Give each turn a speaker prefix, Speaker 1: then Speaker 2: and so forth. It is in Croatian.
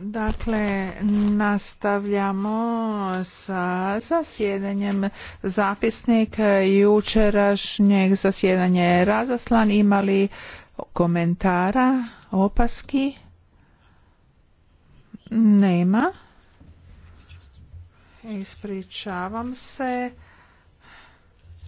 Speaker 1: Dakle, nastavljamo sa zasjedanjem zapisnik jučerašnjeg zasjedanja je razaslan. Imali komentara, opaski? Nema.
Speaker 2: Ispričavam se.